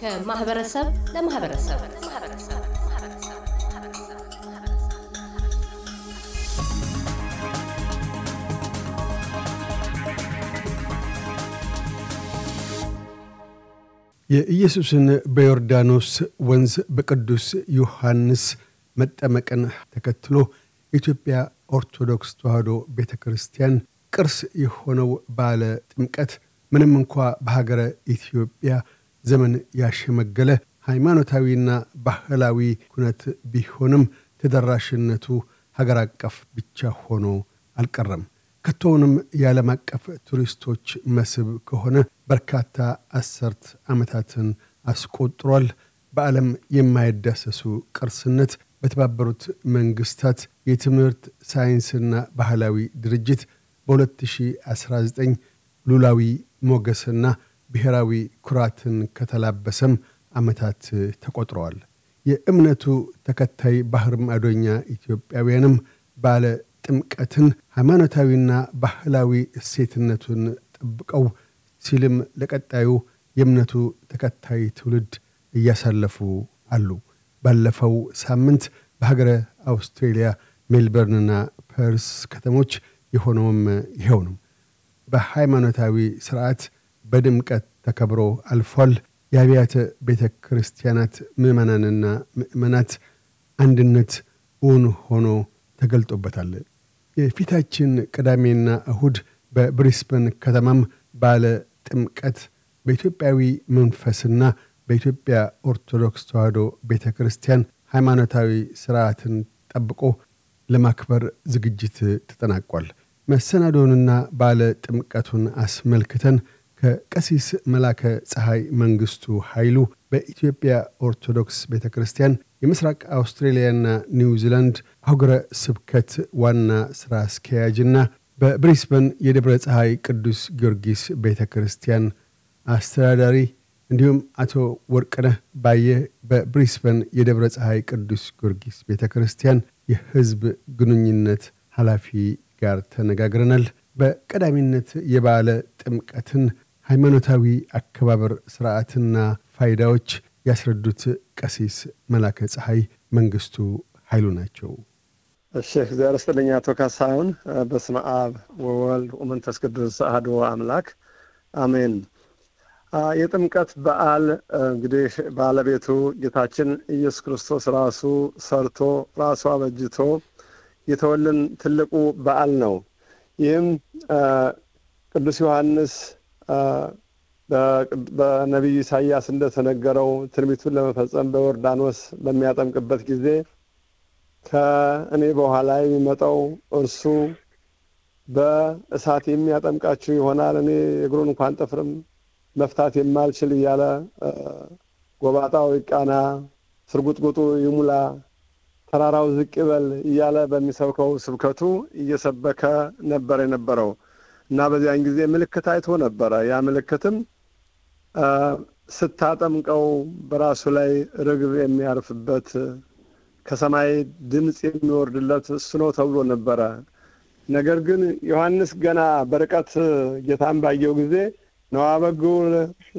ከማህበረሰብ ለማህበረሰብ የኢየሱስን በዮርዳኖስ ወንዝ በቅዱስ ዮሐንስ መጠመቅን ተከትሎ የኢትዮጵያ ኦርቶዶክስ ተዋህዶ ቤተ ክርስቲያን ቅርስ የሆነው ባለ ጥምቀት ምንም እንኳ በሀገረ ኢትዮጵያ ዘመን ያሸመገለ ሃይማኖታዊና ባህላዊ ኩነት ቢሆንም ተደራሽነቱ ሀገር አቀፍ ብቻ ሆኖ አልቀረም። ከቶውንም የዓለም አቀፍ ቱሪስቶች መስህብ ከሆነ በርካታ አሰርት ዓመታትን አስቆጥሯል። በዓለም የማይዳሰሱ ቅርስነት በተባበሩት መንግስታት የትምህርት ሳይንስና ባህላዊ ድርጅት በ2019 ሉላዊ ሞገስና ብሔራዊ ኩራትን ከተላበሰም ዓመታት ተቆጥረዋል። የእምነቱ ተከታይ ባህር ማዶኛ ኢትዮጵያውያንም ባለ ጥምቀትን ሃይማኖታዊና ባህላዊ እሴትነቱን ጠብቀው ሲልም ለቀጣዩ የእምነቱ ተከታይ ትውልድ እያሳለፉ አሉ። ባለፈው ሳምንት በሀገረ አውስትሬሊያ ሜልበርንና ፐርስ ከተሞች የሆነውም ይኸው ነው። በሃይማኖታዊ ስርዓት በድምቀት ተከብሮ አልፏል። የአብያተ ቤተ ክርስቲያናት ምዕመናንና ምዕመናት አንድነት እውን ሆኖ ተገልጦበታል። የፊታችን ቅዳሜና እሁድ በብሪስበን ከተማም ባለ ጥምቀት በኢትዮጵያዊ መንፈስና በኢትዮጵያ ኦርቶዶክስ ተዋሕዶ ቤተ ክርስቲያን ሃይማኖታዊ ስርዓትን ጠብቆ ለማክበር ዝግጅት ተጠናቋል። መሰናዶንና ባለ ጥምቀቱን አስመልክተን ከቀሲስ መላከ ፀሐይ መንግስቱ ኃይሉ በኢትዮጵያ ኦርቶዶክስ ቤተ ክርስቲያን የምስራቅ አውስትሬልያና ኒውዚላንድ አሁግረ ስብከት ዋና ሥራ አስኪያጅና በብሪስበን የደብረ ፀሐይ ቅዱስ ጊዮርጊስ ቤተ ክርስቲያን አስተዳዳሪ እንዲሁም አቶ ወርቅነህ ባየ በብሪስበን የደብረ ፀሐይ ቅዱስ ጊዮርጊስ ቤተ ክርስቲያን የህዝብ ግንኙነት ኃላፊ ጋር ተነጋግረናል። በቀዳሚነት የባለ ጥምቀትን ሃይማኖታዊ አከባበር ስርዓትና ፋይዳዎች ያስረዱት ቀሲስ መላከ ፀሐይ መንግስቱ ኃይሉ ናቸው። እሺ፣ እግዚአብሔር ይስጥልኝ አቶ ካሳሁን። በስመ አብ ወወልድ ቅዱስ አህዶ አምላክ አሜን። የጥምቀት በዓል እንግዲህ ባለቤቱ ጌታችን ኢየሱስ ክርስቶስ ራሱ ሰርቶ ራሱ አበጅቶ የተወልን ትልቁ በዓል ነው። ይህም ቅዱስ ዮሐንስ በነቢዩ ኢሳያስ እንደተነገረው ትንቢቱን ለመፈጸም በዮርዳኖስ በሚያጠምቅበት ጊዜ ከእኔ በኋላ የሚመጣው እርሱ በእሳት የሚያጠምቃችሁ ይሆናል፣ እኔ የእግሩን እንኳን ጥፍርም መፍታት የማልችል እያለ ጎባጣው ይቃና፣ ስርጉጥጉጡ ይሙላ፣ ተራራው ዝቅ ይበል እያለ በሚሰብከው ስብከቱ እየሰበከ ነበር የነበረው እና በዚያን ጊዜ ምልክት አይቶ ነበረ። ያ ምልክትም ስታጠምቀው በራሱ ላይ ርግብ የሚያርፍበት ከሰማይ ድምፅ የሚወርድለት እሱ ነው ተብሎ ነበረ። ነገር ግን ዮሐንስ ገና በርቀት ጌታን ባየው ጊዜ ነዋበግሁ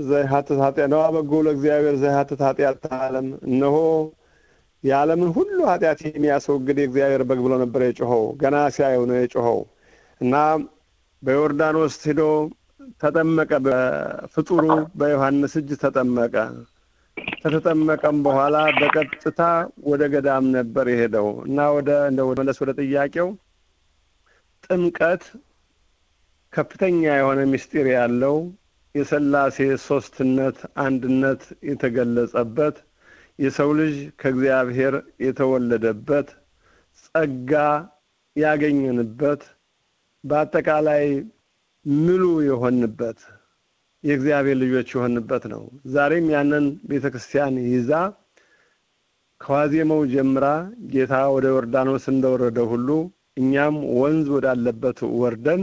ዘይሀትት ኃጢአት ነዋበግሁ እግዚአብሔር ዘይሀትት ኃጢአት ዓለም እነሆ የዓለምን ሁሉ ኃጢአት የሚያስወግድ የእግዚአብሔር በግ ብሎ ነበር የጮኸው። ገና ሲያየው ነው የጮኸው እና በዮርዳኖስ ሂዶ ተጠመቀ። በፍጡሩ በዮሐንስ እጅ ተጠመቀ። ከተጠመቀም በኋላ በቀጥታ ወደ ገዳም ነበር የሄደው እና ወደ እንደ መለስ ወደ ጥያቄው ጥምቀት ከፍተኛ የሆነ ምስጢር ያለው የሰላሴ ሦስትነት አንድነት የተገለጸበት የሰው ልጅ ከእግዚአብሔር የተወለደበት ጸጋ ያገኘንበት በአጠቃላይ ምሉ የሆንበት የእግዚአብሔር ልጆች የሆንበት ነው። ዛሬም ያንን ቤተ ክርስቲያን ይዛ ከዋዜማው ጀምራ ጌታ ወደ ዮርዳኖስ እንደወረደ ሁሉ እኛም ወንዝ ወዳለበት ወርደን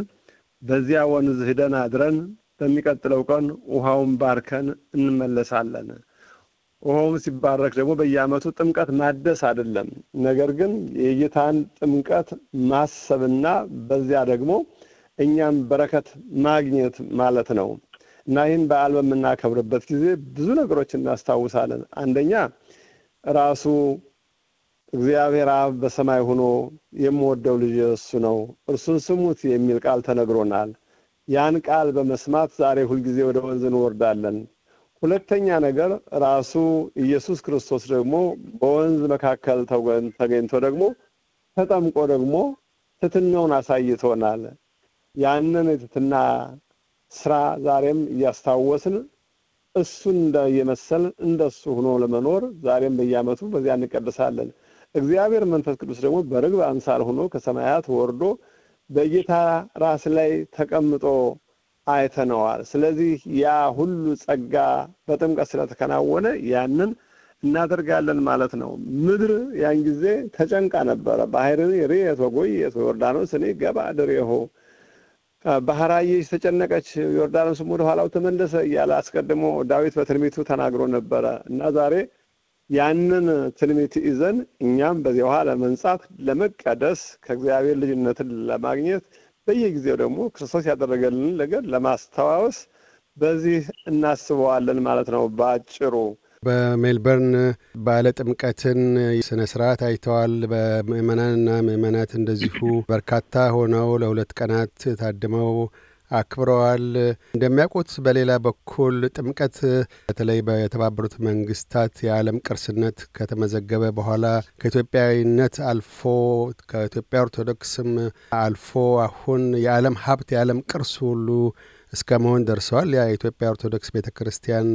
በዚያ ወንዝ ሂደን አድረን በሚቀጥለው ቀን ውሃውን ባርከን እንመለሳለን። ውሃውም ሲባረክ ደግሞ በየዓመቱ ጥምቀት ማደስ አይደለም፣ ነገር ግን የጌታን ጥምቀት ማሰብና በዚያ ደግሞ እኛም በረከት ማግኘት ማለት ነው እና ይህን በዓል በምናከብርበት ጊዜ ብዙ ነገሮች እናስታውሳለን። አንደኛ ራሱ እግዚአብሔር አብ በሰማይ ሆኖ የምወደው ልጅ እሱ ነው፣ እርሱን ስሙት የሚል ቃል ተነግሮናል። ያን ቃል በመስማት ዛሬ ሁልጊዜ ወደ ወንዝ እንወርዳለን። ሁለተኛ ነገር ራሱ ኢየሱስ ክርስቶስ ደግሞ በወንዝ መካከል ተገኝቶ ደግሞ ተጠምቆ ደግሞ ትትናውን አሳይቶናል። ያንን የትትና ስራ ዛሬም እያስታወስን እሱን እንደየመሰል እንደሱ ሆኖ ለመኖር ዛሬም በየዓመቱ በዚያ እንቀድሳለን። እግዚአብሔር መንፈስ ቅዱስ ደግሞ በርግብ አምሳል ሆኖ ከሰማያት ወርዶ በጌታ ራስ ላይ ተቀምጦ አይተነዋል። ስለዚህ ያ ሁሉ ጸጋ በጥምቀት ስለተከናወነ ያንን እናደርጋለን ማለት ነው። ምድር ያን ጊዜ ተጨንቃ ነበረ። ባህር ርየቶ ጎየቶ ዮርዳኖስ እኔ ገባ ድሬሆ ባህራየች ተጨነቀች፣ ዮርዳኖስም ወደ ኋላው ተመለሰ እያለ አስቀድሞ ዳዊት በትንቢቱ ተናግሮ ነበረ እና ዛሬ ያንን ትልሚት ይዘን እኛም በዚህ ውሃ ለመንጻት ለመቀደስ ከእግዚአብሔር ልጅነትን ለማግኘት በየጊዜው ደግሞ ክርስቶስ ያደረገልን ነገር ለማስተዋወስ በዚህ እናስበዋለን ማለት ነው በአጭሩ። በሜልበርን ባለ ጥምቀትን ስነ ስርዓት አይተዋል። በምእመናንና ምእመናት እንደዚሁ በርካታ ሆነው ለሁለት ቀናት ታድመው አክብረዋል። እንደሚያውቁት በሌላ በኩል ጥምቀት በተለይ በተባበሩት መንግስታት የዓለም ቅርስነት ከተመዘገበ በኋላ ከኢትዮጵያዊነት አልፎ ከኢትዮጵያ ኦርቶዶክስም አልፎ አሁን የዓለም ሀብት የዓለም ቅርስ ሁሉ እስከ መሆን ደርሰዋል። ያ የኢትዮጵያ ኦርቶዶክስ ቤተ ክርስቲያን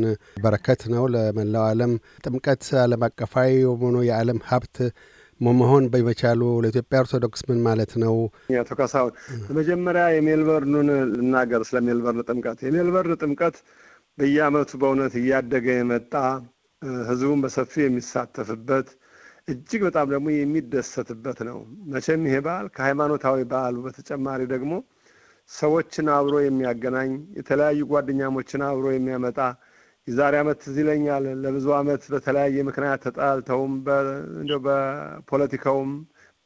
በረከት ነው ለመላው ዓለም። ጥምቀት ዓለም አቀፋዊ የሆኑ የዓለም ሀብት መሆን በመቻሉ ለኢትዮጵያ ኦርቶዶክስ ምን ማለት ነው? አቶ ካሳሁን፣ በመጀመሪያ የሜልበርኑን ልናገር ስለ ሜልበርን ጥምቀት። የሜልበርን ጥምቀት በየዓመቱ በእውነት እያደገ የመጣ ህዝቡን በሰፊው የሚሳተፍበት እጅግ በጣም ደግሞ የሚደሰትበት ነው። መቼም ይሄ በዓል ከሃይማኖታዊ በዓሉ በተጨማሪ ደግሞ ሰዎችን አብሮ የሚያገናኝ የተለያዩ ጓደኛሞችን አብሮ የሚያመጣ የዛሬ ዓመት ትዝ ይለኛል ለብዙ ዓመት በተለያየ ምክንያት ተጣልተውም እንዲ በፖለቲካውም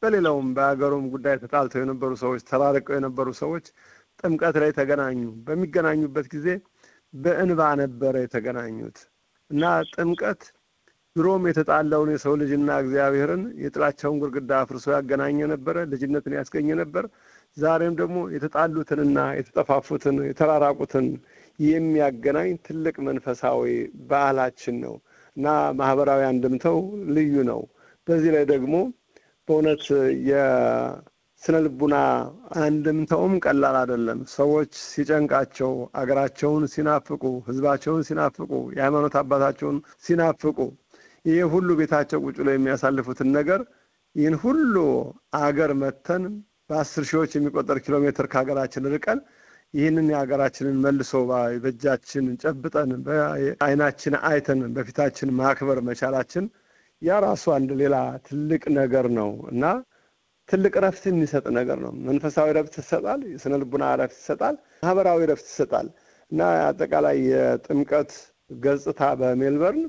በሌላውም በአገሩም ጉዳይ ተጣልተው የነበሩ ሰዎች ተራርቀው የነበሩ ሰዎች ጥምቀት ላይ ተገናኙ። በሚገናኙበት ጊዜ በእንባ ነበረ የተገናኙት እና ጥምቀት ድሮም የተጣለውን የሰው ልጅና እግዚአብሔርን የጥላቸውን ግርግዳ አፍርሶ ያገናኘ ነበረ፣ ልጅነትን ያስገኘ ነበር። ዛሬም ደግሞ የተጣሉትንና የተጠፋፉትን የተራራቁትን የሚያገናኝ ትልቅ መንፈሳዊ በዓላችን ነው እና ማህበራዊ አንድምተው ልዩ ነው። በዚህ ላይ ደግሞ በእውነት የስነ ልቡና አንድምተውም ቀላል አይደለም። ሰዎች ሲጨንቃቸው፣ አገራቸውን ሲናፍቁ፣ ህዝባቸውን ሲናፍቁ፣ የሃይማኖት አባታቸውን ሲናፍቁ ይህ ሁሉ ቤታቸው ቁጭ ብለው የሚያሳልፉትን ነገር ይህን ሁሉ አገር መተን በአስር ሺዎች የሚቆጠር ኪሎ ሜትር ከሀገራችን ርቀን ይህንን የሀገራችንን መልሶ በእጃችን ጨብጠን በአይናችን አይተን በፊታችን ማክበር መቻላችን ያ ራሱ አንድ ሌላ ትልቅ ነገር ነው እና ትልቅ ረፍት የሚሰጥ ነገር ነው። መንፈሳዊ ረፍት ይሰጣል፣ የስነ ልቡና ረፍት ይሰጣል፣ ማህበራዊ ረፍት ይሰጣል እና አጠቃላይ የጥምቀት ገጽታ በሜልበርን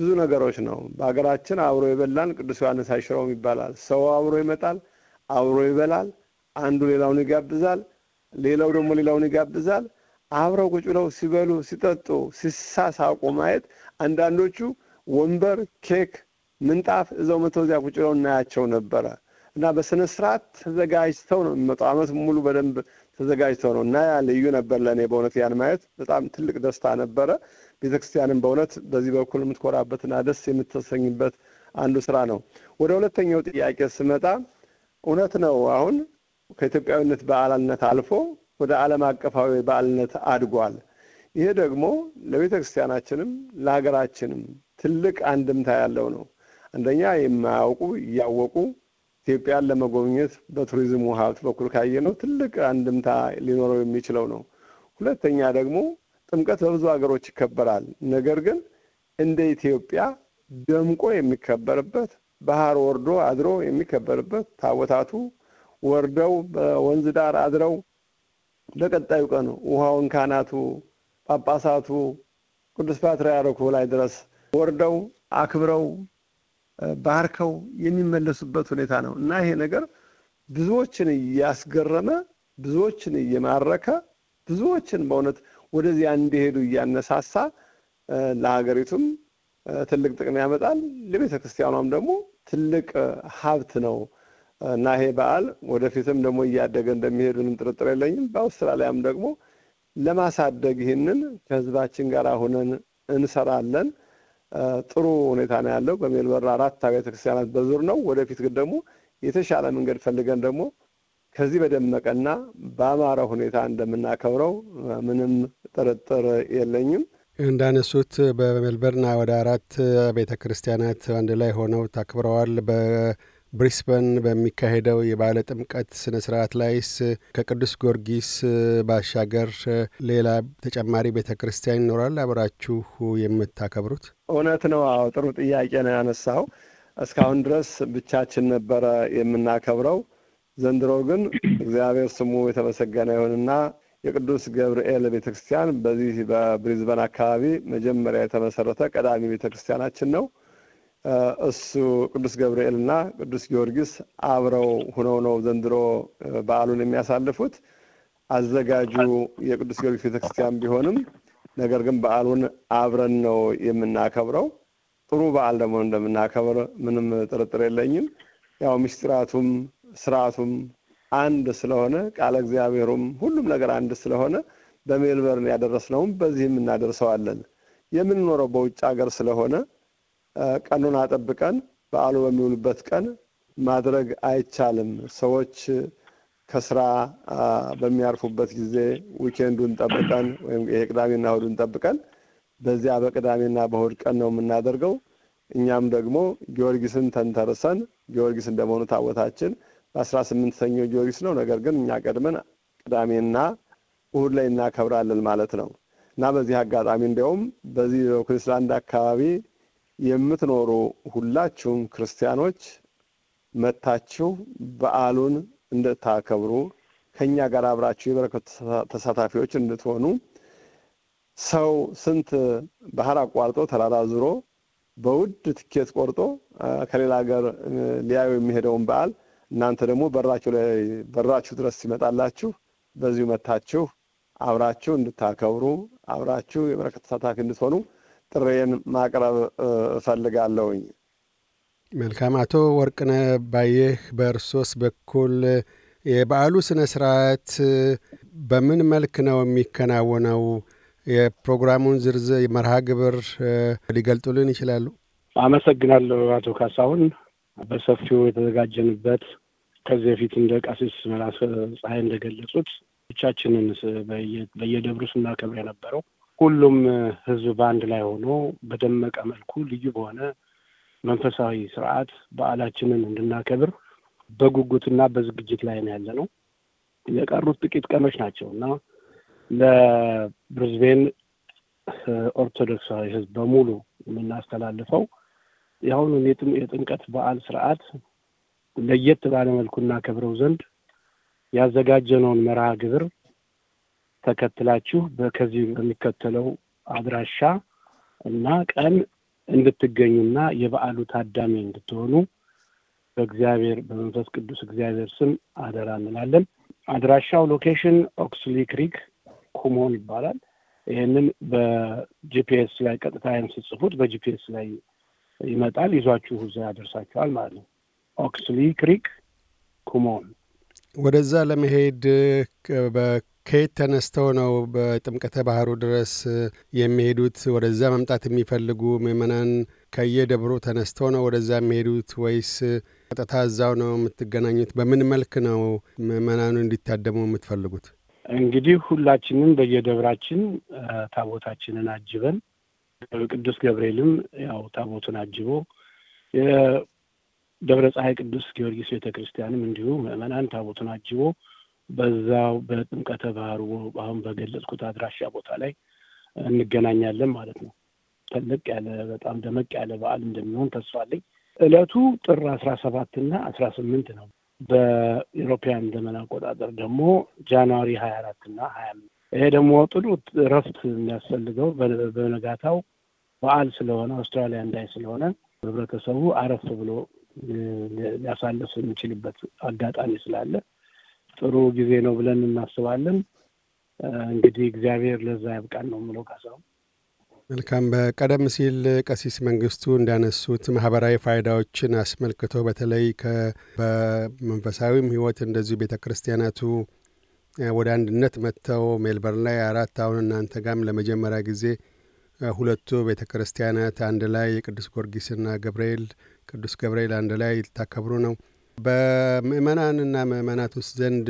ብዙ ነገሮች ነው። በሀገራችን አብሮ የበላን ቅዱስ ዮሐንስ አይሽረውም ይባላል። ሰው አብሮ ይመጣል፣ አብሮ ይበላል፣ አንዱ ሌላውን ይጋብዛል። ሌላው ደግሞ ሌላውን ይጋብዛል። አብረው ቁጭ ብለው ሲበሉ፣ ሲጠጡ፣ ሲሳሳቁ ማየት አንዳንዶቹ ወንበር፣ ኬክ፣ ምንጣፍ እዛው መተው እዚያ ቁጭ ብለው እናያቸው ነበረ እና በስነ ስርዓት ተዘጋጅተው ነው የሚመጣው። አመት ሙሉ በደንብ ተዘጋጅተው ነው እና ያ ልዩ ነበር ለእኔ በእውነት ያን ማየት በጣም ትልቅ ደስታ ነበረ። ቤተክርስቲያንም በእውነት በዚህ በኩል የምትኮራበትና ደስ የምትሰኝበት አንዱ ስራ ነው። ወደ ሁለተኛው ጥያቄ ስመጣ እውነት ነው አሁን ከኢትዮጵያዊነት በዓልነት አልፎ ወደ ዓለም አቀፋዊ በዓልነት አድጓል። ይሄ ደግሞ ለቤተ ክርስቲያናችንም ለሀገራችንም ትልቅ አንድምታ ያለው ነው። አንደኛ የማያውቁ እያወቁ ኢትዮጵያን ለመጎብኘት በቱሪዝሙ ሀብት በኩል ካየ ነው ትልቅ አንድምታ ሊኖረው የሚችለው ነው። ሁለተኛ ደግሞ ጥምቀት በብዙ ሀገሮች ይከበራል። ነገር ግን እንደ ኢትዮጵያ ደምቆ የሚከበርበት ባህር ወርዶ አድሮ የሚከበርበት ታቦታቱ ወርደው በወንዝ ዳር አድረው በቀጣዩ ቀን ውሃውን ካህናቱ፣ ጳጳሳቱ፣ ቅዱስ ፓትርያርኩ ላይ ድረስ ወርደው አክብረው ባርከው የሚመለሱበት ሁኔታ ነው እና ይሄ ነገር ብዙዎችን እያስገረመ ብዙዎችን እየማረከ ብዙዎችን በእውነት ወደዚያ እንዲሄዱ እያነሳሳ ለሀገሪቱም ትልቅ ጥቅም ያመጣል፣ ለቤተ ክርስቲያኗም ደግሞ ትልቅ ሀብት ነው። እና ይሄ በዓል ወደፊትም ደግሞ እያደገ እንደሚሄድ ምንም ጥርጥር የለኝም። በአውስትራሊያም ደግሞ ለማሳደግ ይህንን ከህዝባችን ጋር ሁነን እንሰራለን። ጥሩ ሁኔታ ነው ያለው። በሜልበርን አራት አብያተ ክርስቲያናት በዙር ነው። ወደፊት ግን ደግሞ የተሻለ መንገድ ፈልገን ደግሞ ከዚህ በደመቀና በአማረ ሁኔታ እንደምናከብረው ምንም ጥርጥር የለኝም። እንዳነሱት በሜልበርን ወደ አራት ቤተ ክርስቲያናት አንድ ላይ ሆነው ታክብረዋል። ብሪስበን በሚካሄደው የባለ ጥምቀት ስነ ስርዓት ላይስ ከቅዱስ ጊዮርጊስ ባሻገር ሌላ ተጨማሪ ቤተ ክርስቲያን ይኖራል አብራችሁ የምታከብሩት? እውነት ነው። አዎ ጥሩ ጥያቄ ነው ያነሳው። እስካሁን ድረስ ብቻችን ነበረ የምናከብረው። ዘንድሮ ግን እግዚአብሔር ስሙ የተመሰገነ ይሁንና የቅዱስ ገብርኤል ቤተክርስቲያን በዚህ በብሪዝበን አካባቢ መጀመሪያ የተመሰረተ ቀዳሚ ቤተክርስቲያናችን ነው። እሱ ቅዱስ ገብርኤል እና ቅዱስ ጊዮርጊስ አብረው ሁነው ነው ዘንድሮ በዓሉን የሚያሳልፉት። አዘጋጁ የቅዱስ ጊዮርጊስ ቤተክርስቲያን ቢሆንም ነገር ግን በዓሉን አብረን ነው የምናከብረው። ጥሩ በዓል ደግሞ እንደምናከብር ምንም ጥርጥር የለኝም። ያው ምስጢራቱም ስርዓቱም አንድ ስለሆነ ቃለ እግዚአብሔሩም ሁሉም ነገር አንድ ስለሆነ በሜልበርን ያደረስነውም በዚህም እናደርሰዋለን። የምንኖረው በውጭ ሀገር ስለሆነ ቀኑን አጠብቀን በዓሉ በሚውልበት ቀን ማድረግ አይቻልም። ሰዎች ከስራ በሚያርፉበት ጊዜ ዊኬንዱን ጠብቀን ወይም ይሄ ቅዳሜና እሁዱን ጠብቀን በዚያ በቅዳሜና በእሁድ ቀን ነው የምናደርገው። እኛም ደግሞ ጊዮርጊስን ተንተርሰን ጊዮርጊስ እንደመሆኑ ታቦታችን በአስራ ስምንት ሰኞ ጊዮርጊስ ነው። ነገር ግን እኛ ቀድመን ቅዳሜና እሁድ ላይ እናከብራለን ማለት ነው እና በዚህ አጋጣሚ እንዲያውም በዚህ በኩንስላንድ አካባቢ የምትኖሩ ሁላችሁም ክርስቲያኖች መታችሁ በዓሉን እንድታከብሩ ከእኛ ጋር አብራችሁ የበረከቱ ተሳታፊዎች እንድትሆኑ ሰው ስንት ባህር አቋርጦ ተራራ ዙሮ በውድ ትኬት ቆርጦ ከሌላ ሀገር ሊያዩ የሚሄደውን በዓል እናንተ ደግሞ በራችሁ ላይ በራችሁ ድረስ ሲመጣላችሁ በዚሁ መታችሁ አብራችሁ እንድታከብሩ አብራችሁ የበረከት ተሳታፊ እንድትሆኑ ጥሬን ማቅረብ እፈልጋለሁኝ። መልካም። አቶ ወርቅነ ባየህ በእርሶስ በኩል የበዓሉ ስነ ስርዓት በምን መልክ ነው የሚከናወነው? የፕሮግራሙን ዝርዝር መርሃ ግብር ሊገልጡልን ይችላሉ? አመሰግናለሁ አቶ ካሳሁን። በሰፊው የተዘጋጀንበት ከዚህ በፊት እንደ ቀሲስ መላከ ፀሐይ እንደገለጹት ብቻችንን በየደብሩ ስናከብር የነበረው ሁሉም ህዝብ በአንድ ላይ ሆኖ በደመቀ መልኩ ልዩ በሆነ መንፈሳዊ ስርዓት በዓላችንን እንድናከብር በጉጉትና በዝግጅት ላይ ነው ያለ ነው። የቀሩት ጥቂት ቀኖች ናቸው እና ለብሪዝቤን ኦርቶዶክሳዊ ህዝብ በሙሉ የምናስተላልፈው የአሁኑን የጥምቀት በዓል ስርዓት ለየት ባለ መልኩ እናከብረው ዘንድ ያዘጋጀነውን መርሃ ግብር ተከትላችሁ ከዚህ በሚከተለው አድራሻ እና ቀን እንድትገኙና የበዓሉ ታዳሚ እንድትሆኑ በእግዚአብሔር በመንፈስ ቅዱስ እግዚአብሔር ስም አደራ እንላለን። አድራሻው ሎኬሽን ኦክስሊ ክሪክ ኩሞን ይባላል። ይህንን በጂፒኤስ ላይ ቀጥታ ይህን ስጽፉት በጂፒኤስ ላይ ይመጣል። ይዟችሁ እዛ ያደርሳችኋል ማለት ነው። ኦክስሊ ክሪክ ኩሞን። ወደዛ ለመሄድ ከየት ተነስተው ነው በጥምቀተ ባህሩ ድረስ የሚሄዱት? ወደዛ መምጣት የሚፈልጉ ምእመናን ከየደብሩ ተነስተው ነው ወደዛ የሚሄዱት ወይስ ቀጥታ እዛው ነው የምትገናኙት? በምን መልክ ነው ምእመናኑ እንዲታደሙ የምትፈልጉት? እንግዲህ ሁላችንም በየደብራችን ታቦታችንን አጅበን ቅዱስ ገብርኤልም ያው ታቦቱን አጅቦ የደብረ ፀሐይ ቅዱስ ጊዮርጊስ ቤተ ክርስቲያንም እንዲሁ ምእመናን ታቦቱን አጅቦ በዛው በጥምቀተ ባህሩ አሁን በገለጽኩት አድራሻ ቦታ ላይ እንገናኛለን ማለት ነው። ትልቅ ያለ በጣም ደመቅ ያለ በዓል እንደሚሆን ተስፋ አለኝ። እለቱ ጥር አስራ ሰባት እና አስራ ስምንት ነው። በኢሮፓያን ዘመን አቆጣጠር ደግሞ ጃንዋሪ ሀያ አራት እና ሀያ አምስት ይሄ ደግሞ ጥሩ እረፍት የሚያስፈልገው በነጋታው በዓል ስለሆነ አውስትራሊያ እንዳይ ስለሆነ ህብረተሰቡ አረፍ ብሎ ሊያሳልፍ የሚችልበት አጋጣሚ ስላለ ጥሩ ጊዜ ነው ብለን እናስባለን። እንግዲህ እግዚአብሔር ለዛ ያብቃን ነው የምለው። ካሳሁን መልካም። በቀደም ሲል ቀሲስ መንግስቱ እንዳነሱት ማህበራዊ ፋይዳዎችን አስመልክቶ በተለይ በመንፈሳዊም ህይወት እንደዚሁ ቤተ ክርስቲያናቱ ወደ አንድነት መጥተው ሜልበርን ላይ አራት አሁን እናንተ ጋም ለመጀመሪያ ጊዜ ሁለቱ ቤተ ክርስቲያናት አንድ ላይ የቅዱስ ጊዮርጊስና ገብርኤል ቅዱስ ገብርኤል አንድ ላይ ልታከብሩ ነው። በምእመናንና ምእመናት ውስጥ ዘንድ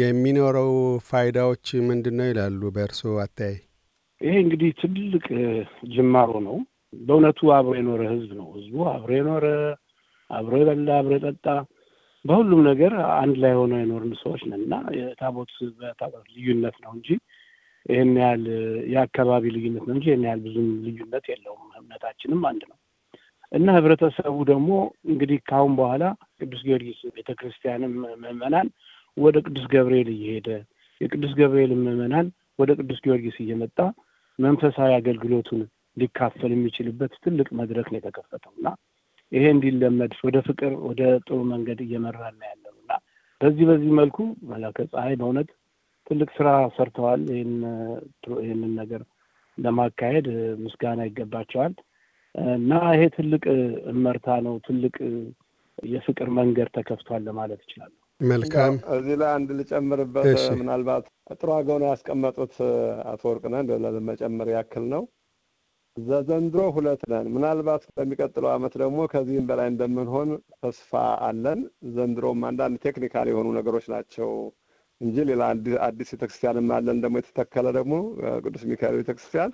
የሚኖረው ፋይዳዎች ምንድን ነው ይላሉ? በእርስዎ አታይ ይሄ እንግዲህ ትልቅ ጅማሮ ነው። በእውነቱ አብሮ የኖረ ህዝብ ነው። ህዝቡ አብሮ የኖረ አብሮ የበላ አብሮ የጠጣ በሁሉም ነገር አንድ ላይ ሆነው የኖርን ሰዎች ነን እና የታቦት በታቦት ልዩነት ነው እንጂ ይህን ያህል የአካባቢ ልዩነት ነው እንጂ ይህን ያህል ብዙም ልዩነት የለውም። እምነታችንም አንድ ነው። እና ህብረተሰቡ ደግሞ እንግዲህ ካሁን በኋላ ቅዱስ ጊዮርጊስ ቤተክርስቲያንም ምዕመናን ወደ ቅዱስ ገብርኤል እየሄደ የቅዱስ ገብርኤል ምዕመናን ወደ ቅዱስ ጊዮርጊስ እየመጣ መንፈሳዊ አገልግሎቱን ሊካፈል የሚችልበት ትልቅ መድረክ ነው የተከፈተው እና ይሄ እንዲለመድ ወደ ፍቅር ወደ ጥሩ መንገድ እየመራ ነው ያለው እና በዚህ በዚህ መልኩ መላከ ፀሐይ በእውነት ትልቅ ስራ ሰርተዋል። ይህንን ነገር ለማካሄድ ምስጋና ይገባቸዋል። እና ይሄ ትልቅ እመርታ ነው። ትልቅ የፍቅር መንገድ ተከፍቷል ለማለት ይችላል። መልካም። እዚህ ላይ አንድ ልጨምርበት፣ ምናልባት ጥሩ አገው ነው ያስቀመጡት አቶ ወርቅነህ ለመጨመር ያክል ነው። ዘዘንድሮ ሁለት ነን። ምናልባት በሚቀጥለው ዓመት ደግሞ ከዚህም በላይ እንደምንሆን ተስፋ አለን። ዘንድሮም አንዳንድ ቴክኒካል የሆኑ ነገሮች ናቸው እንጂ ሌላ አዲስ ቤተክርስቲያንም አለን ደግሞ የተተከለ ደግሞ ቅዱስ ሚካኤል ቤተክርስቲያን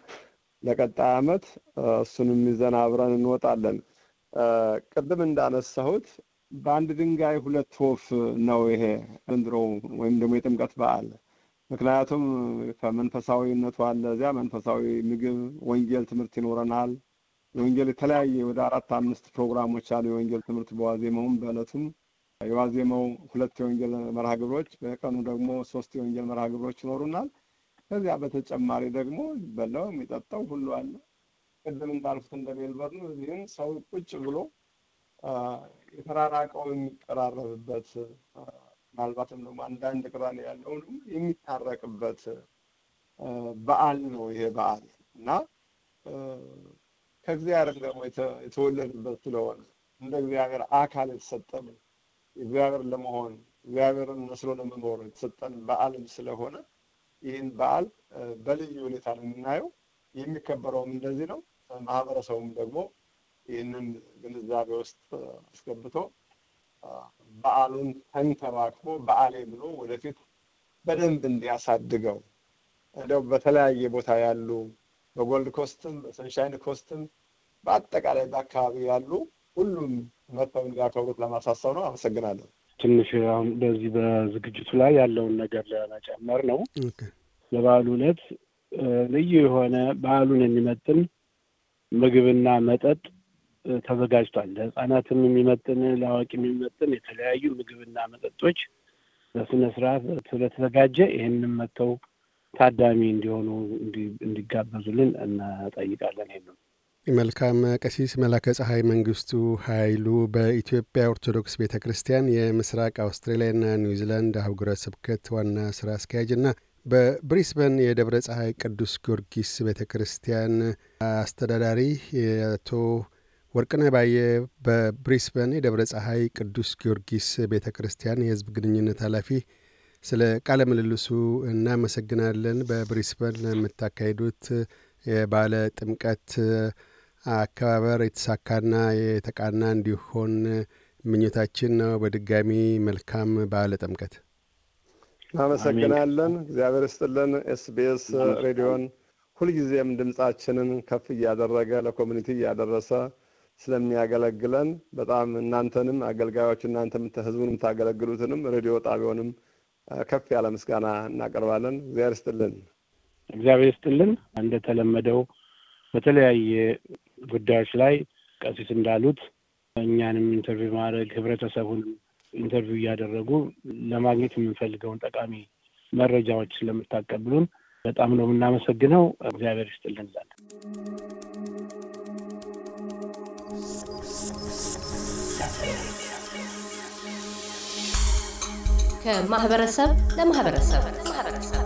ለቀጣይ አመት እሱንም ይዘን አብረን እንወጣለን። ቅድም እንዳነሳሁት በአንድ ድንጋይ ሁለት ወፍ ነው ይሄ ዘንድሮ ወይም ደግሞ የጥምቀት በዓል። ምክንያቱም ከመንፈሳዊነቱ አለ እዚያ መንፈሳዊ ምግብ፣ ወንጌል ትምህርት ይኖረናል። የወንጌል የተለያየ ወደ አራት አምስት ፕሮግራሞች አሉ። የወንጌል ትምህርት በዋዜማውም በእለቱም የዋዜማው ሁለት የወንጌል መርሃ ግብሮች፣ በቀኑ ደግሞ ሶስት የወንጌል መርሃ ግብሮች ይኖሩናል። ከዚያ በተጨማሪ ደግሞ የሚበላው የሚጠጣው ሁሉ አለ። ቅድም እንዳልኩት እንደሜልበር ነው። እዚህም ሰው ቁጭ ብሎ የተራራቀው የሚቀራረብበት ምናልባትም ደግሞ አንዳንድ ቅራኔ ያለው የሚታረቅበት በዓል ነው ይሄ በዓል እና ከእግዚአብሔር ደግሞ የተወለድበት ስለሆነ እንደ እግዚአብሔር አካል የተሰጠን እግዚአብሔር ለመሆን እግዚአብሔርን መስሎ ለመኖር የተሰጠን በዓልም ስለሆነ ይህን በዓል በልዩ ሁኔታ ነው የምናየው። የሚከበረውም እንደዚህ ነው። ማህበረሰቡም ደግሞ ይህንን ግንዛቤ ውስጥ አስገብቶ በዓሉን ተንተባክቦ በዓሌ ብሎ ወደፊት በደንብ እንዲያሳድገው እንደው በተለያየ ቦታ ያሉ በጎልድ ኮስትም በሰንሻይን ኮስትም በአጠቃላይ በአካባቢ ያሉ ሁሉም መጥተው እንዲያከብሩት ለማሳሰብ ነው። አመሰግናለሁ። ትንሽ አሁን በዚህ በዝግጅቱ ላይ ያለውን ነገር ለመጨመር ነው። ለበዓሉ ዕለት ልዩ የሆነ በዓሉን የሚመጥን ምግብና መጠጥ ተዘጋጅቷል። ለህፃናትም የሚመጥን ለአዋቂም የሚመጥን የተለያዩ ምግብና መጠጦች በስነ ስርዓት ስለተዘጋጀ ይህንም መጥተው ታዳሚ እንዲሆኑ እንዲጋበዙልን እናጠይቃለን። ይሄንም መልካም ቀሲስ መላከ ፀሐይ መንግስቱ ኃይሉ በኢትዮጵያ ኦርቶዶክስ ቤተ ክርስቲያን የምስራቅ ና ኒውዚላንድ አህጉረ ስብከት ዋና አስኪያጅ ና በብሪስበን የደብረ ፀሐይ ቅዱስ ጊዮርጊስ ቤተ ክርስቲያን አስተዳዳሪ አቶ ወርቅነ ባየ በብሪስበን የደብረ ፀሐይ ቅዱስ ጊዮርጊስ ቤተ ክርስቲያን የህዝብ ግንኙነት ኃላፊ ስለ ቃለ ምልልሱ እናመሰግናለን። በብሪስበን የምታካሄዱት የባለ ጥምቀት አከባበር የተሳካና የተቃና እንዲሆን ምኞታችን ነው። በድጋሚ መልካም በዓለ ጥምቀት። እናመሰግናለን። እግዚአብሔር ይስጥልን። ኤስቢኤስ ሬዲዮን ሁልጊዜም ድምፃችንን ከፍ እያደረገ ለኮሚኒቲ እያደረሰ ስለሚያገለግለን በጣም እናንተንም አገልጋዮች እናንተም ህዝቡን የምታገለግሉትንም ሬዲዮ ጣቢያውንም ከፍ ያለ ምስጋና እናቀርባለን። እግዚአብሔር ይስጥልን። እግዚአብሔር ይስጥልን። እንደተለመደው በተለያየ ጉዳዮች ላይ ቀሲስ እንዳሉት እኛንም ኢንተርቪው ማድረግ ህብረተሰቡንም ኢንተርቪው እያደረጉ ለማግኘት የምንፈልገውን ጠቃሚ መረጃዎች ስለምታቀብሉን በጣም ነው የምናመሰግነው። እግዚአብሔር ይስጥልን እንላለን። ከማህበረሰብ ለማህበረሰብ